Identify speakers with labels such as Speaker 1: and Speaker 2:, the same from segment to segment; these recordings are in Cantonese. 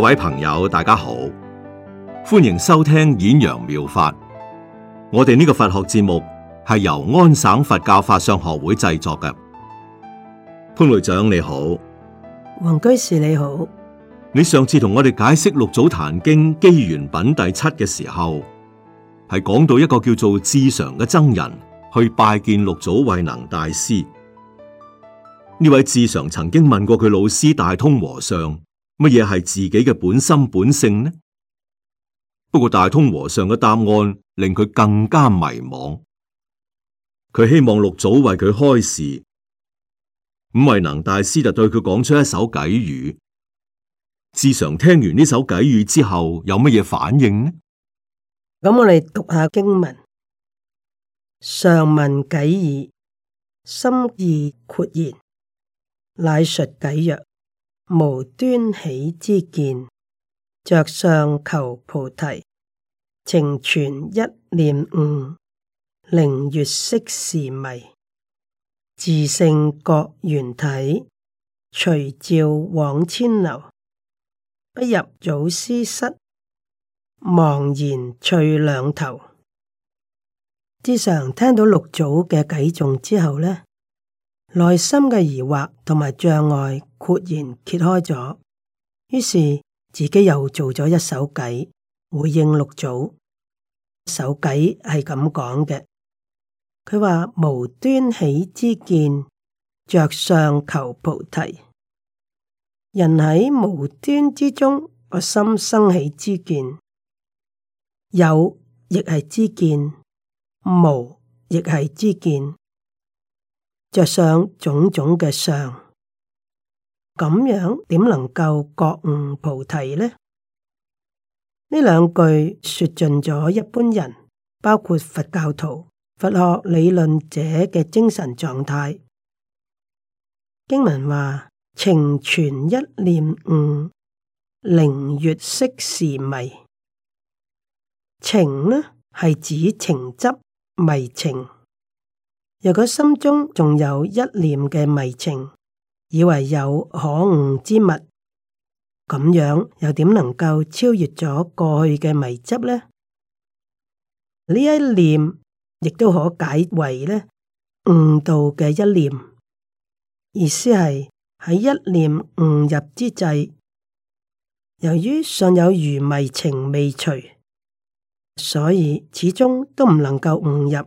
Speaker 1: 各位朋友，大家好，歡迎收聽演揚妙，妙法。我哋呢個佛學節目係由安省佛教法相學會製作嘅。潘會長你好，
Speaker 2: 黃居士你好。
Speaker 1: 你上次同我哋解釋六祖壇經機緣品第七嘅時候，係講到一個叫做智常嘅僧人去拜見六祖慧能大師。呢位智常曾經問過佢老師大通和尚。乜嘢係自己嘅本心本性呢？不過大通和尚嘅答案令佢更加迷惘。佢希望六祖為佢開示，咁慧能大師就對佢講出一首偈語。智常聽完呢首偈語之後有乜嘢反應呢？
Speaker 2: 咁我哋讀下經文。常聞偈已，心意豁然，乃述偈曰。無端起之見，着相求菩提，情存一念悟，靈月色時迷，自性覺原體，隨照往千流。不入祖師室，茫然翠兩頭。之上聽到六祖嘅偈頌之後呢。內心嘅疑惑同埋障礙豁然揭開咗，於是自己又做咗一首偈回應六祖。首偈係咁講嘅，佢話無端起知見，著相求菩提。人喺無端之中個心生起知見，有亦係知見，無亦係知見。着上種種嘅相，咁樣點能夠覺悟菩提呢？呢兩句說盡咗一般人，包括佛教徒、佛學理論者嘅精神狀態。經文話：情存一念悟，靈越色時迷。情呢係指情執迷情。若果心中仲有一念嘅迷情，以為有可悟之物，咁樣又點能夠超越咗過去嘅迷執呢？呢一念亦都可解為呢悟道嘅一念，意思係喺一念悟入之際，由於尚有餘迷情未除，所以始終都唔能夠悟入。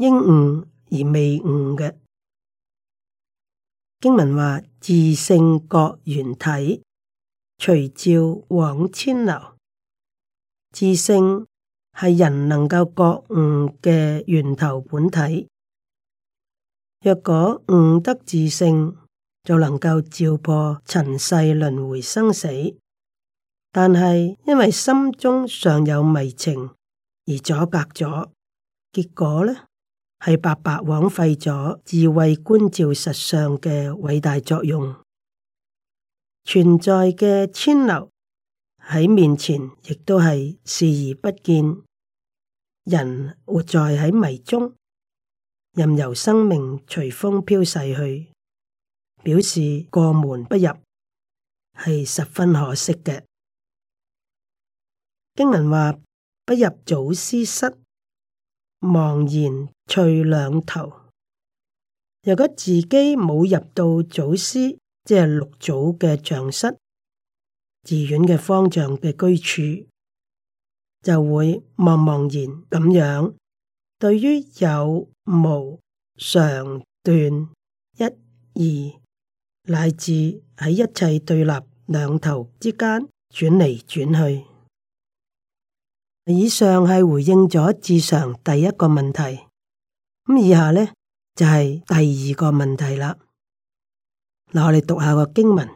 Speaker 2: 應悟而未悟嘅經文話：自性覺原體，隨照往千流。自性係人能夠覺悟嘅源頭本體。若果悟得自性，就能夠照破塵世輪回生死。但係因為心中尚有迷情而阻隔咗，結果呢？係白白枉費咗智慧觀照實相嘅偉大作用，存在嘅遷流喺面前，亦都係視而不見。人活在喺迷中，任由生命隨風飄逝去，表示過門不入，係十分可惜嘅。經文話：不入祖師室。茫然在兩頭。如果自己冇入到祖師，即係六祖嘅像室，寺院嘅方丈嘅居處，就會茫茫然咁樣。對於有無、常斷一二、一、二乃至喺一切對立兩頭之間轉嚟轉去。以上係回應咗智常第一個問題，咁以下呢，就係、是、第二個問題啦。嗱，我哋讀下個經文：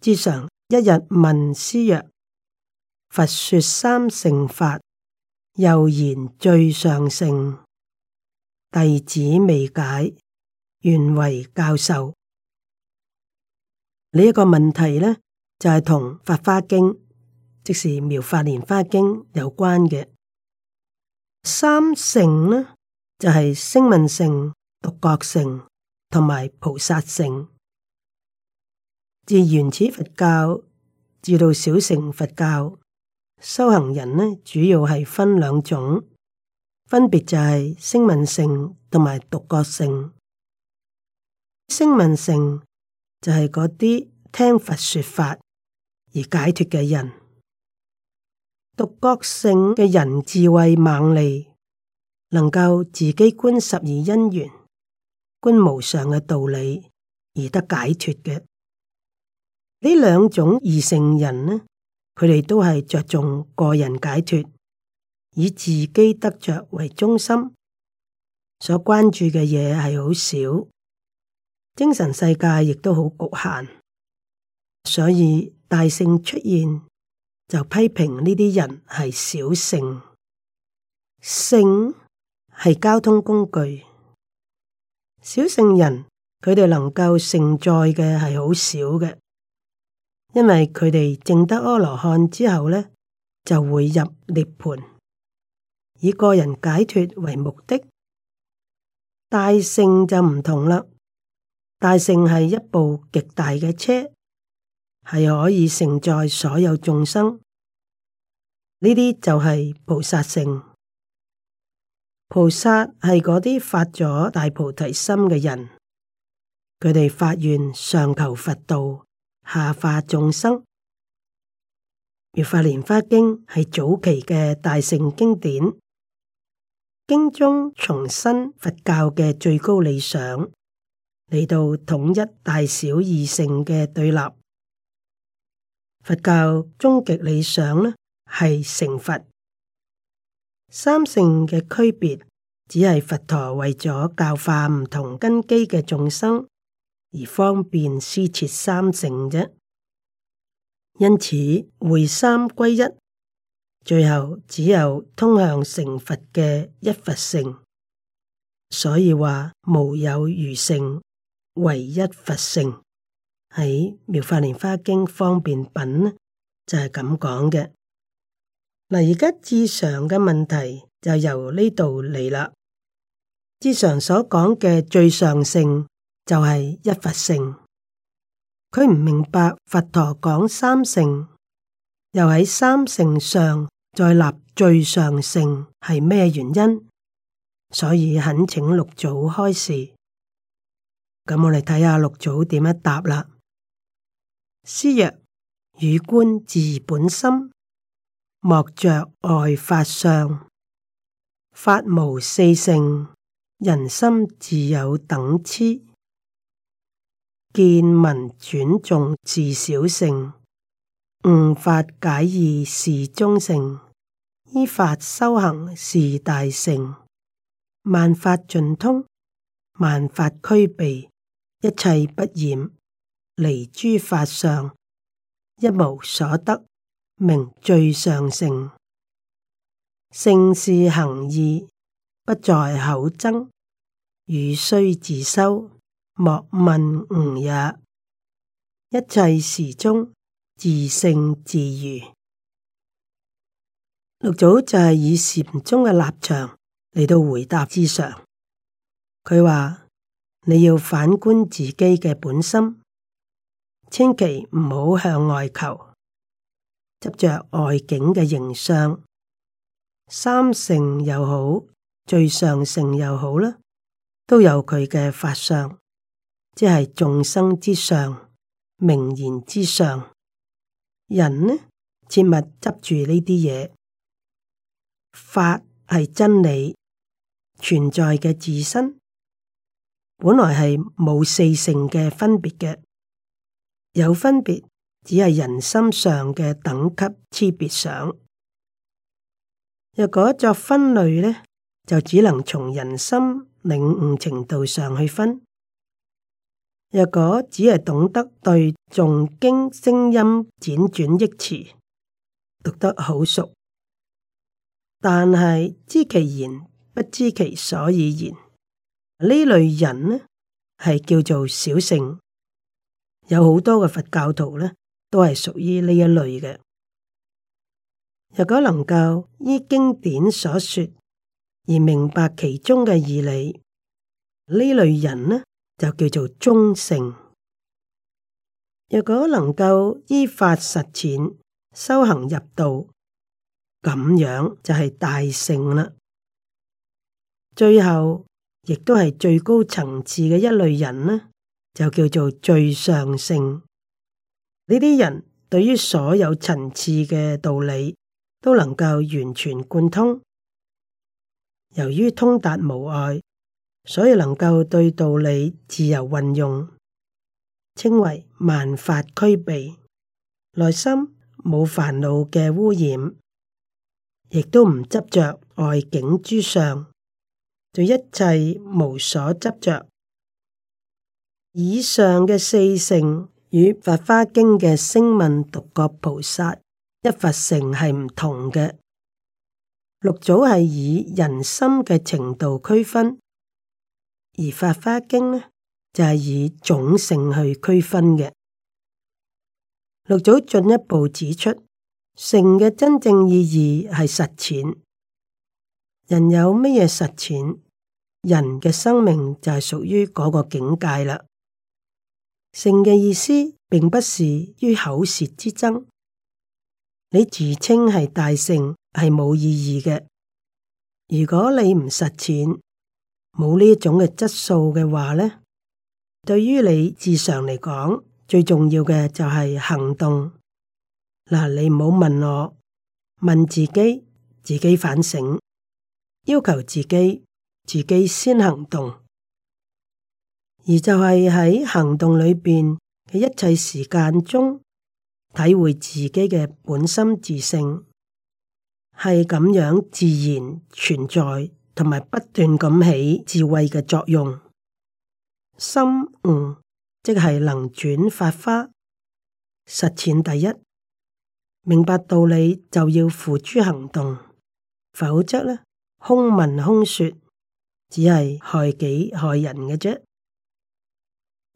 Speaker 2: 智常一日問師曰：佛說三乘法，又言最上乘，弟子未解，願為教授。呢、這、一個問題咧，就係、是、同《法花經》。即是《妙法蓮花經》有關嘅三乘呢，就係、是、聲聞乘、獨覺乘同埋菩薩乘。自原始佛教至到小乘佛教，修行人呢，主要係分兩種，分別就係聲聞乘同埋獨覺乘。聲聞乘就係嗰啲聽佛說法而解脫嘅人。獨覺乘嘅人智慧猛利，能夠自己觀十二因緣、觀無常嘅道理而得解脫嘅。呢兩種二乘人呢，佢哋都係着重個人解脫，以自己得着為中心，所關注嘅嘢係好少，精神世界亦都好局限，所以大乘出現。就批評呢啲人係小乘。乘係交通工具，小乘人佢哋能夠承載嘅係好少嘅，因為佢哋證得阿羅漢之後呢，就會入涅槃，以個人解脱為目的。大乘就唔同啦，大乘係一部極大嘅車。係可以承載所有眾生，呢啲就係菩薩性。菩薩係嗰啲發咗大菩提心嘅人，佢哋發願上求佛道，下化眾生。《妙法蓮花經》係早期嘅大乘經典，經中重申佛教嘅最高理想，嚟到統一大小二乘嘅對立。佛教終極理想呢係成佛，三乘嘅區別只係佛陀為咗教化唔同根基嘅眾生而方便施設三乘啫。因此會三歸一，最後只有通向成佛嘅一佛乘。所以話無有餘乘，唯一佛乘。喺《妙法蓮花經》方便品，就係咁講嘅。嗱，而家智常嘅問題就由呢度嚟啦。智常所講嘅「最上乘」，就係一佛乘。佢唔明白佛陀講三乘，又喺三乘上再立「最上乘」，係咩原因？所以懇請六祖開示。咁我哋睇下六祖點樣答啦。師曰：汝觀自本心，莫着外法相。法無四性，人心自有等差。見聞轉眾自小性，悟法解義是中性，依法修行是大聖。萬法盡通，萬法俱備，一切不染。離諸法相，一無所得，名最上乘。勝是行義，不在口爭，如須自修，莫問吾也。一切時中，自性自如。六祖就係以禪宗嘅立場嚟到回答之上，佢話你要反觀自己嘅本心。千祈唔好向外求，執着外境嘅形相，三乘又好，最上乘又好啦，都有佢嘅法相，即係眾生之上、名言之上。人呢切勿執住呢啲嘢，法係真理存在嘅自身，本來係冇四乘嘅分別嘅。有分別，只係人心上嘅等級差別上，若果作分類呢，就只能從人心領悟程度上去分。若果只係懂得對誦經聲音輾轉益詞讀得好熟，但係知其然，不知其所以然，呢類人呢係叫做小聖。有好多嘅佛教徒呢，都係屬於呢一類嘅。若果能夠依經典所說而明白其中嘅義理，呢類人呢，就叫做中聖。若果能夠依法實踐修行入道，咁樣就係大聖啦。最後亦都係最高層次嘅一類人呢，就叫做最上性。呢啲人對於所有層次嘅道理都能夠完全貫通，由於通達無礙，所以能夠對道理自由運用，稱為萬法俱備。內心冇煩惱嘅污染，亦都唔執着外境之上，對一切無所執着。以上嘅四乘與《法花經》嘅聲聞獨覺菩薩一佛乘係唔同嘅。六祖係以人心嘅程度區分，而《法花經》呢就係、是、以種性去區分嘅。六祖進一步指出，性嘅真正意義係實踐。人有乜嘢實踐，人嘅生命就係屬於嗰個境界啦。性嘅意思，並不是於口舌之爭。你自稱係大聖，係冇意義嘅。如果你唔實踐，冇呢一種嘅質素嘅話呢，對於你自上嚟講，最重要嘅就係行動。嗱，你唔好問我，問自己，自己反省，要求自己，自己先行動。而就係喺行動裏邊嘅一切時間中，體會自己嘅本心自性，係咁樣自然存在，同埋不斷咁起智慧嘅作用。心悟、嗯、即係能轉法花，實踐第一。明白道理就要付諸行動，否則呢，空文空說，只係害己害人嘅啫。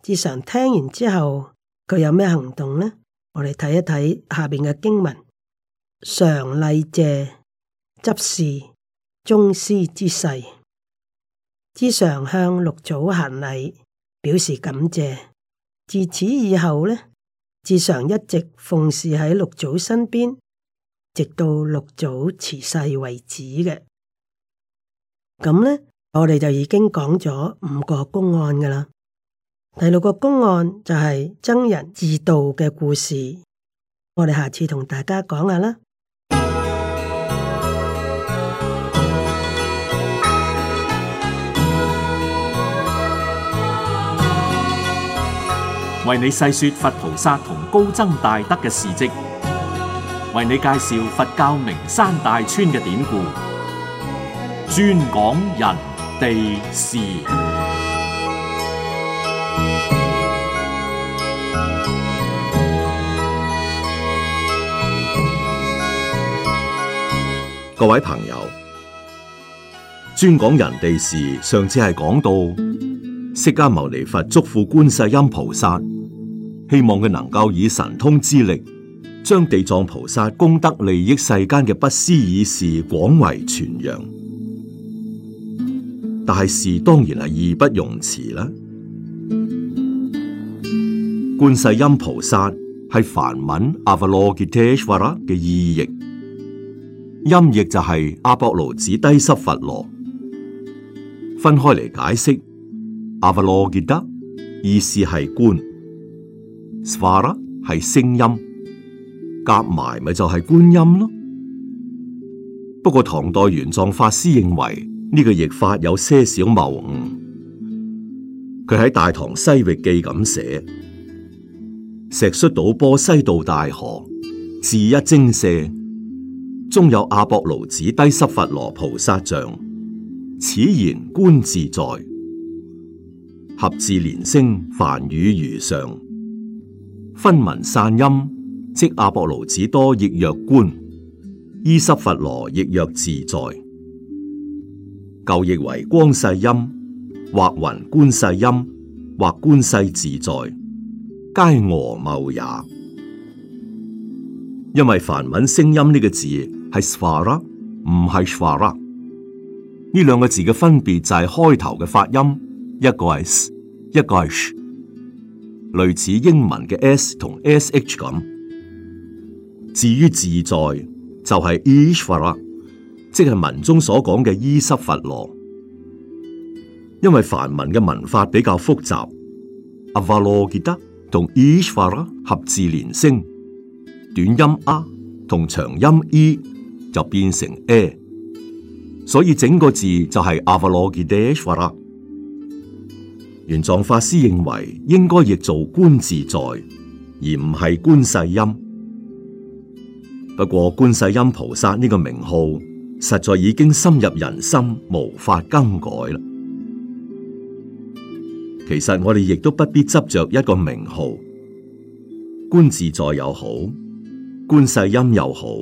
Speaker 2: 自常聽完之後，佢有咩行動呢？我哋睇一睇下邊嘅經文：常禮謝執事終師之世，自常向六祖行禮，表示感謝。自此以後呢，自常一直奉侍喺六祖身邊，直到六祖辭世為止嘅。咁呢，我哋就已經講咗五個公案噶啦。第六個公案就係僧人自盜嘅故事，我哋下次同大家講下啦。
Speaker 1: 為你細說佛菩薩同高僧大德嘅事跡，為你介紹佛教名山大川嘅典故，專講人地事。各位朋友，專講人地事。上次係講到釋迦牟尼佛囑咐觀世音菩薩，希望佢能夠以神通之力，將地藏菩薩功德利益世間嘅不思議事廣為傳揚。大事當然係義不容辭啦。觀世音菩薩係梵文阿婆羅吉提舍哇啦嘅意譯。音譯就係阿博盧指低濕佛羅，分開嚟解釋阿佛羅傑德，意思係觀，svara 係聲音，夾埋咪就係觀音咯。不過唐代玄奘法師認為呢個譯法有些少謬誤，佢喺《大唐西域記》咁寫，石窣堵波西渡大河，字一精舍。中有阿博盧子低濕佛羅菩薩像，此言觀自在合字連聲，梵語如常。分文散音，即阿博盧子多亦若觀，伊濕佛羅亦若自在，舊譯為光世音，或云觀世音，或觀世自在，皆訛謬也。因為梵文聲音呢個字。係 svara 唔係 shvara，呢兩個字嘅分別就係開頭嘅發音，一個係 s，一個係 sh，類似英文嘅 s 同 sh 咁。至於自在就係、是、ishvara，即係文中所講嘅伊濕佛羅。因為梵文嘅文法比較複雜，阿法羅傑德同 ishvara 合字連聲，短音 a 同長音 i。就變成 A，所以整個字就係 Avalokiteshvara 啦。玄奘法師認為應該譯做觀自在，而唔係觀世音。不過觀世音菩薩呢個名號實在已經深入人心，無法更改啦。其實我哋亦都不必執着一個名號，觀自在又好，觀世音又好。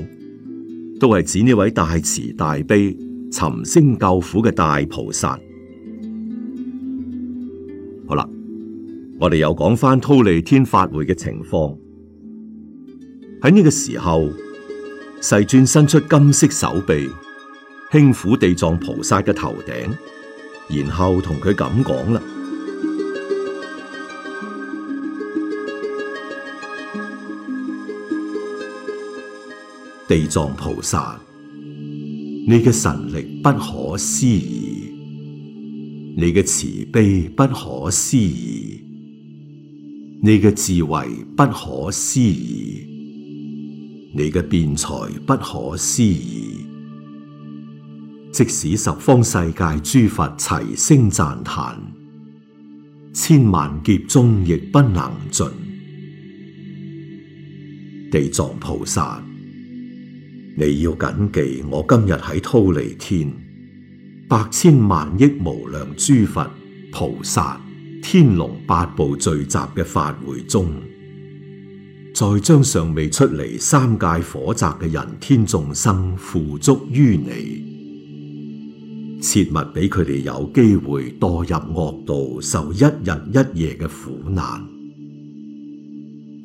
Speaker 1: 都係指呢位大慈大悲、尋聲救苦嘅大菩薩。好啦，我哋又講翻忉利天法會嘅情況。喺呢個時候，世尊伸出金色手臂，輕撫地藏菩薩嘅頭頂，然後同佢咁講啦。地藏菩薩，你嘅神力不可思議，你嘅慈悲不可思議，你嘅智慧不可思議，你嘅辯才不可思議。即使十方世界諸佛齊聲讚嘆，千萬劫中亦不能盡。地藏菩薩。你要謹記，我今日喺忉利天百千萬億無量諸佛、菩薩、天龍八部聚集嘅法會中，再將尚未出嚟三界火宅嘅人天眾生付囑於你，切勿俾佢哋有機會墮入惡道，受一日一夜嘅苦難。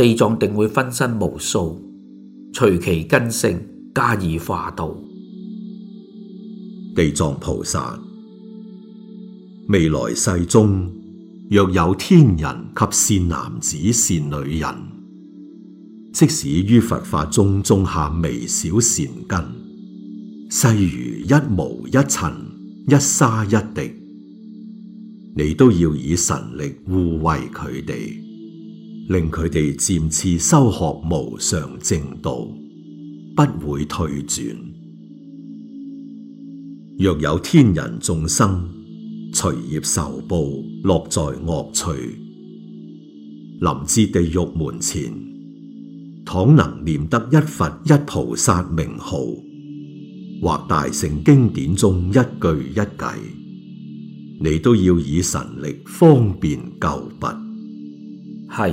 Speaker 1: 地藏定會分身無數，隨其根性加以化度。地藏菩薩，未來世中，若有天人及善男子善女人，即使於佛法中種下微小善根，細如一毛一塵、一沙一滴，你都要以神力護衛佢哋。令佢哋漸次修學無上正道，不會退轉。若有天人衆生隨業受報，落在惡趣，臨至地獄門前，倘能念得一佛一菩薩名號，或大乘經典中一句一偈，你都要以神力方便救拔。係。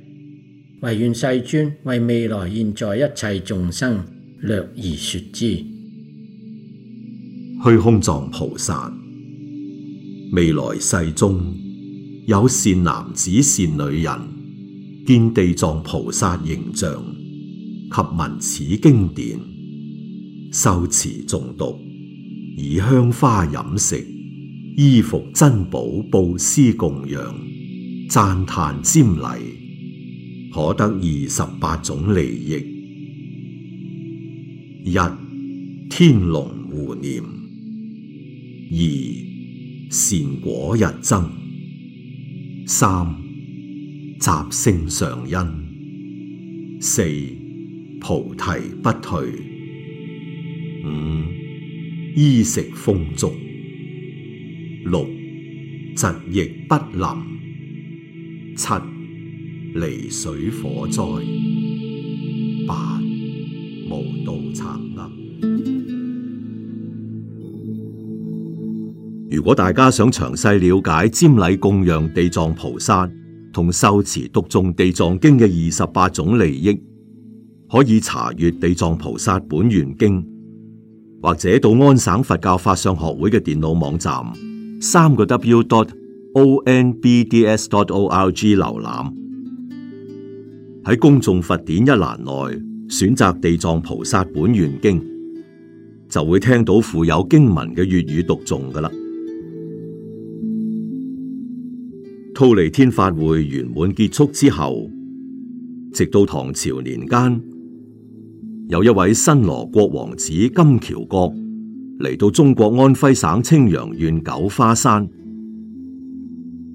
Speaker 1: 唯願世尊為未來現在一切眾生略而說之。虛空藏菩薩，未來世中有善男子善女人，見地藏菩薩形象及聞此經典，修持誦讀，以香花飲食、衣服珍寶布施供養，讚歎瞻禮。可得二十八種利益：一、天龍護念；二、善果日增；三、集聖上因；四、菩提不退；五、衣食豐足；六、疾疫不臨；七、離水火災，八、無盜賊難。如果大家想詳細了解瞻禮供養地藏菩薩同修持讀誦地藏經嘅二十八種利益，可以查閱《地藏菩薩本願經》，或者到安省佛教法相學會嘅電腦網站三個 w dot o n b d s dot o r g 瀏覽。喺公眾佛典一欄內選擇《地藏菩薩本願經》，就會聽到附有經文嘅粵語讀誦噶啦。忉利天法會圓滿結束之後，直到唐朝年間，有一位新羅國王子金喬覺嚟到中國安徽省青陽縣九華山。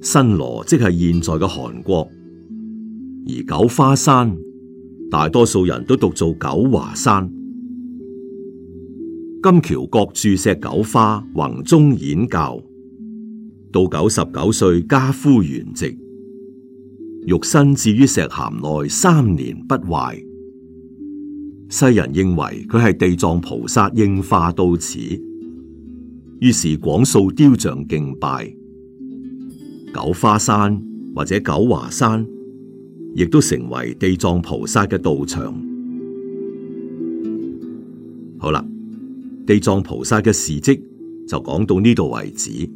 Speaker 1: 新羅即係現在嘅韓國。而九花山，大多數人都讀做九華山。金喬覺駐錫九花弘宗演教，到九十九歲跏趺圓寂，肉身置於石函內三年不壞。世人認為佢係地藏菩薩應化到此，於是廣塑雕像敬拜九花山或者九華山。亦都成為地藏菩薩嘅道場。好啦，地藏菩薩嘅事跡就講到呢度為止。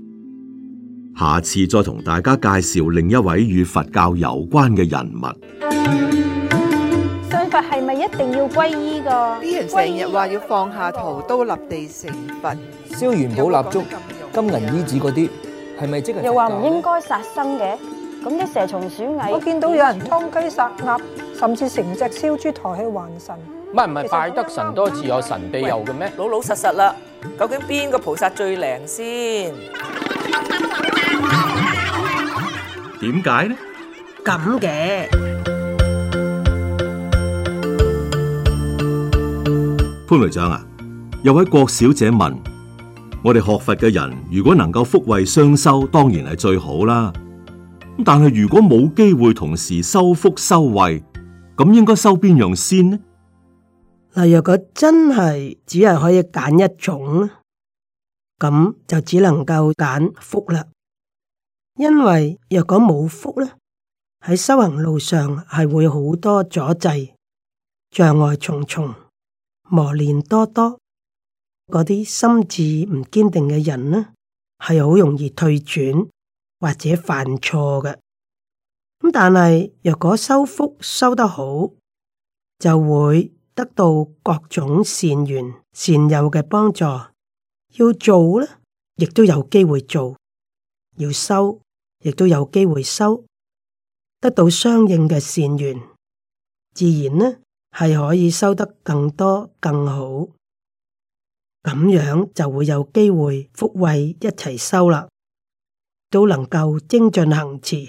Speaker 1: 下次再同大家介紹另一位與佛教有關嘅人物。
Speaker 2: 信佛係咪一定要皈依噶？啲人成日
Speaker 1: 話要放下屠刀立地成佛，燒元寶、蠟燭、金銀衣紙嗰啲，係咪、啊、即係又話唔應
Speaker 2: 該殺生嘅？咁啲蛇蟲鼠蟻，我見到有人劏雞殺鴨，甚至成隻燒豬抬起還神。
Speaker 1: 唔係唔係，拜得神多自有神庇佑嘅咩？老老實實啦，究竟邊個菩薩最靈先？點解呢？
Speaker 2: 咁嘅
Speaker 1: 潘雷長啊，有位郭小姐問，我哋學佛嘅人，如果能夠福慧雙修，當然係最好啦。但係如果冇機會同時修福修慧，咁應該修邊樣先
Speaker 2: 呢？嗱，若果真係只係可以揀一種，咁就只能夠揀福啦。因為若果冇福咧，喺修行路上係會好多阻滯、障礙重重、磨練多多。嗰啲心智唔堅定嘅人咧，係好容易退轉。或者犯錯嘅，咁但係若果修福修得好，就會得到各種善緣善友嘅幫助。要做呢，亦都有機會做；要修，亦都有機會修。得到相應嘅善緣，自然呢係可以修得更多更好。咁樣就會有機會福慧一齊修啦。都能夠精進行持，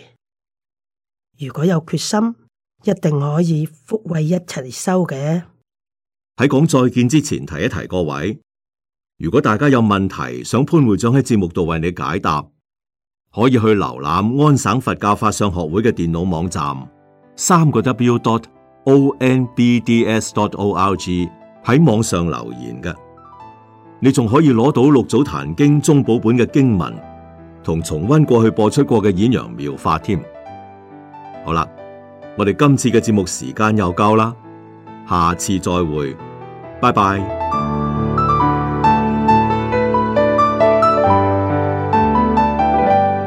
Speaker 2: 如果有決心，一定可以福慧一齊修嘅。
Speaker 1: 喺講再見之前，提一提各位，如果大家有問題想潘會長喺節目度為你解答，可以去瀏覽安省佛教法相學會嘅電腦網站，三個 W dot O N B D S dot O R G 喺網上留言嘅。你仲可以攞到六祖壇經中寶本嘅經文。同重溫過去播出過嘅演揚妙法添。好啦，我哋今次嘅節目時間又夠啦，下次再會，拜拜。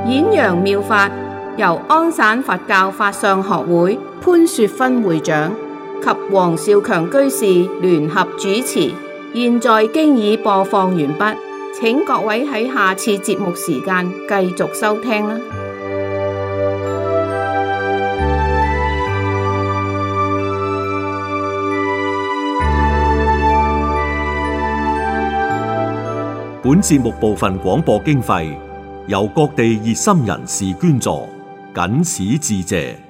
Speaker 2: 演揚妙法由安省佛教法相學會潘雪芬會長及黃少強居士聯合主持，現在經已播放完畢。請各位喺下次節目時間繼續收聽啦。
Speaker 1: 本節目部分廣播經費由各地熱心人士捐助，謹此致謝。